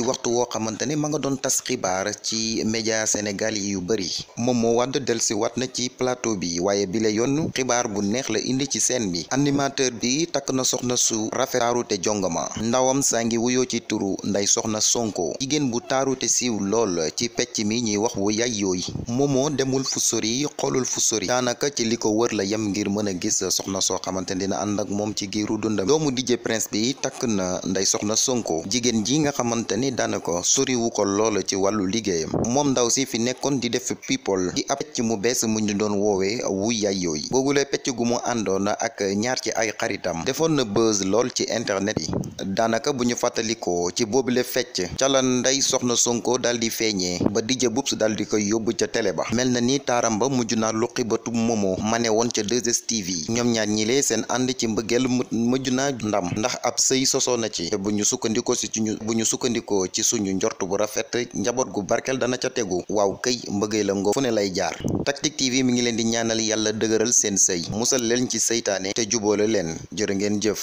ci waxtu woo xamante ne ma nga doon tas xibaar ci média Sénégal yi yu bëri moom moo wàdd delsi wat na ci plateau bi waaye bi la yoon xibaar bu neex la indi ci seen bi animateur bi takk na soxna su rafetaaru jongama ndawam saa ngi wuyoo ci turu nday soxna Sonko jigéen bu taaru te siiw lool ci pecc mi ñuy wax wu yaay yooyu moo demul fu sori xolul fu sori daanaka ci li ko wër la yem ngir mën a gis soxna soo xamante ne dina ànd ak moom ci giiru dundam doomu DJ Prince bi takk na nday soxna Sonko jigéen ni daanaka soriwu ko loola ci wàllu liggéeyam moom ndaw si fi nekkoon di def people di ab pecc mu bees mu ñu doon woowee wu yaayoo yi boobule pecc gu mu àndoon ak ñaar ci ay xaritam defoon na buzz lool ci internet yi daanaka bu ñu fàttalikoo ci boobule fecc ca la ndey soxna Sonko daal di feeñee ba DJ Boubs daal di koy yóbbu ca tele ba mel na ni taaram ba mujj naa luqi ba tub moomoo ne woon ca 2STV ñoom ñaar ñi seen ànd ci mbëggeel mujj naa ndam ndax ab sëy sosoo na ko ci suñu njort bu rafet njaboot gu barkeel dana ca tegu waaw këy mbëggee la ngoo fu ne lay jaar Tactic TV mi ngi leen di ñaanal yàlla dëgëral seen sëy musal leen ci seytaane te juboole leen jërë ngeen jëf